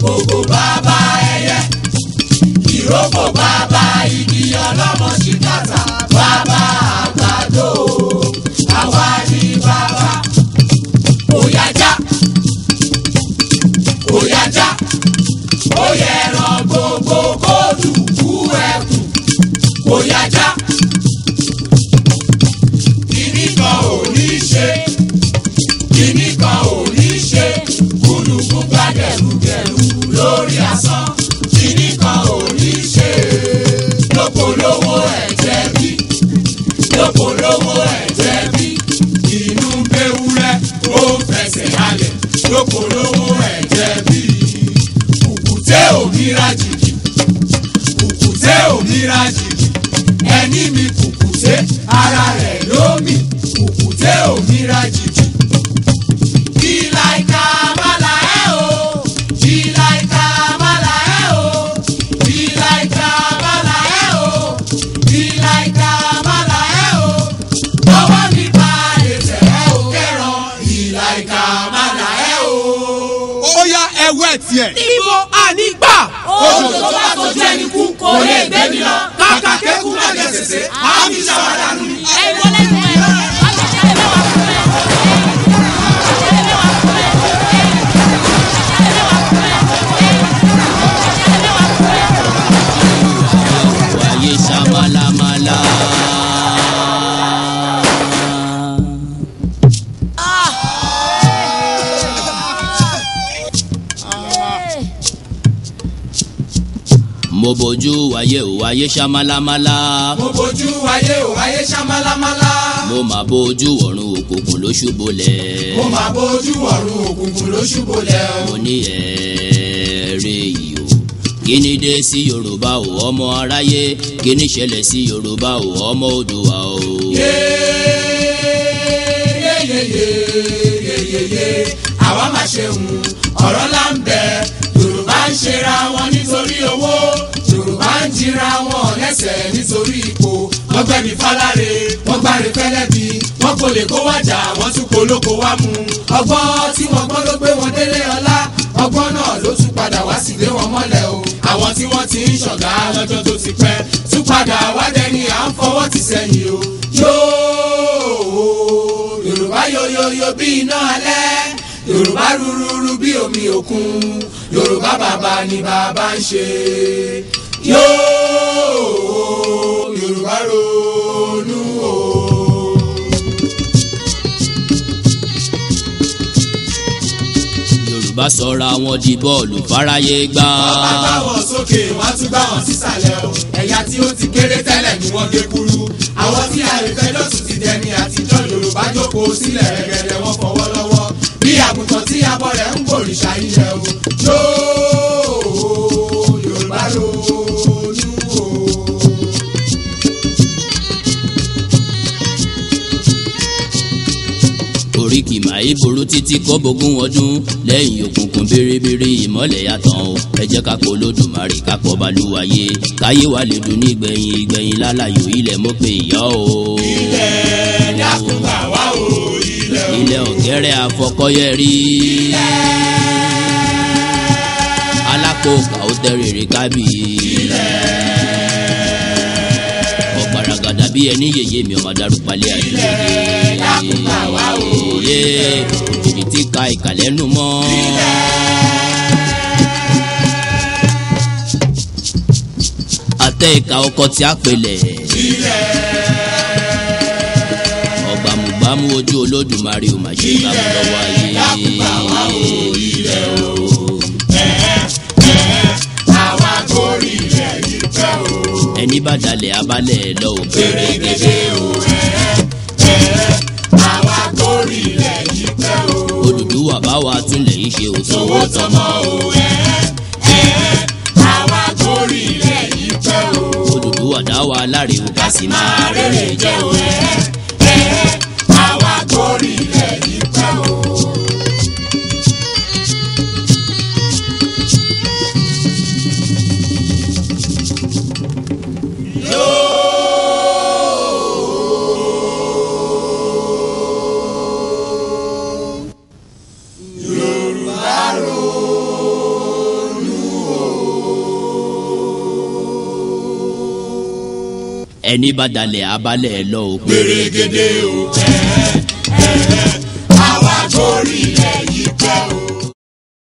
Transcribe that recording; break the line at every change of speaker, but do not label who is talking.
ìrókòkò bàbá ẹyẹ ìrókò bàbá igi ọlọ́mọ ṣìkàtà bàbá àgbàdo àwa ni bàbá òyàjá òyàjá ó yẹ ẹran gbogbo kó dùn kú ẹkùn òyàjá. viraji jù. Ìlàìka mọ́lá ẹ̀ o, ìlàìka mọ́lá ẹ̀ o, ìlàìka mọ́lá ẹ̀ o, ìlàìka mọ́lá ẹ̀ o. Ọwọ́ mi bá ètè ẹ̀ o kẹ́ràn ìlàìka mọ́lá ẹ̀ tó bá tó jẹ́ ni kú kò lè gbẹ́mí lọ. Kàkà kẹ́kù má jẹ sèse, àmì ṣàwádà ní.
mo bójú ayé o ayé ṣamálámálá. mo bójú ayé o ayé
ṣamálámálá.
mo mà bójú ọ̀run òkùnkùn ló ṣubúlẹ̀. mo mà
bójú ọ̀run òkùnkùn ló ṣubúlẹ̀.
mo ní ẹ̀ẹ́rẹ́ yìí o kíni dé sí Yorùbá o ọmọ aráyé kíni ṣẹlẹ̀ sí Yorùbá o ọmọ Oòduà o.
yeyeyeyeyeye àwa máa ṣe hùn ọ̀rọ̀ là Yorùbá ń ṣera wọn nítorí. kọ́láre wọ́n gbárí pẹ́lẹ́bí wọ́n kò lè kó wájà wọ́n tún kó lóko wá mu. ọgbọ́n tí wọ́n gbọ́n ló gbé wọn délé ọlá ọgbọ́n náà ló tún padà wá sílé wọn mọ́lẹ̀ o. àwọn tí wọ́n ti ń ṣọ̀gá lọ́jọ́ tó ti pẹ́ tún padà wá dẹni à ń fọwọ́ ti sẹ́yìn o. yóò yorùbá yoyoyo bí iná alẹ́ yorùbá rúrúrú bí omi òkun yorùbá bàbá ni bàbá ń ṣe yóò yorùbá rúrú.
yorùbá sọra wọn di bọ́ọ̀lù fáráyé gbá. bàbá bá wọn
sókè wọn tún bá wọn sísàlẹ̀ o ẹ̀yà tí ó ti kéré tẹ́lẹ̀ ni wọ́n gé kúrú àwọn tí àìfẹ́ lọ́sùn ti dẹni àtijọ́ yorùbá jókòó sílẹ̀ rẹ̀gẹ̀dẹ̀ wọn fọwọ́ lọ́wọ́ bí àgùntàn tí abọ́ rẹ̀ ń gbòrìṣà ilẹ̀ o
torí kì máa yí burú títí kó bógún ọdún lẹ́yìn òkùnkùn bèrèbèrè ìmọ́lẹ̀ yàtọ̀ o ẹ jẹ́ ká pọ̀ lódùmarè ká pọ̀ balùwàyè káyé wa lè dùn ní ìgbẹ̀yìn ìgbẹ̀yìn lálàyò ilẹ̀ mọ́ pé ìyá o.
ilẹ̀ dákúgbà wá o
ilẹ̀ o. ilẹ̀ ọ̀gẹ́rẹ́ àfọkọ́yẹ rí. ilẹ̀ alákòókà ó tẹ́ rèrè kábíyé. bí ẹni yèyé mi ọmọ darúgbálẹ̀ àdúgbò.
ilẹ̀ lákùnkà òye.
òjìní ti ka ìkàlẹ́ nù mọ́. àtẹ ìka ọkọ tí a pèlè. ọgbàmùgbàmù ojú olódùmarè ò mà ṣe gbàmù lọ́wọ́ ayé. ilẹ̀ lákùnkà wá òye. ẹni bá dalẹ̀ abalẹ̀ lọ o. fèrègèdè o
ẹ̀rẹ́ ẹ̀rẹ́ àwa kórì ilẹ̀ yìí pẹ́
o. Odùduwà bá wa túnlẹ̀ yìí ṣe o. tòwó tọmọ o ẹ̀rẹ́
ẹ̀rẹ́ àwa
kórì ilẹ̀ yìí pẹ́ o. Odùduwà dá wa láre o. kásìmá rere jẹ́ o ẹ̀rẹ́. ẹni bá dalẹ̀ abalẹ̀ lọ o. gbèrègèdè o
àwa gorí.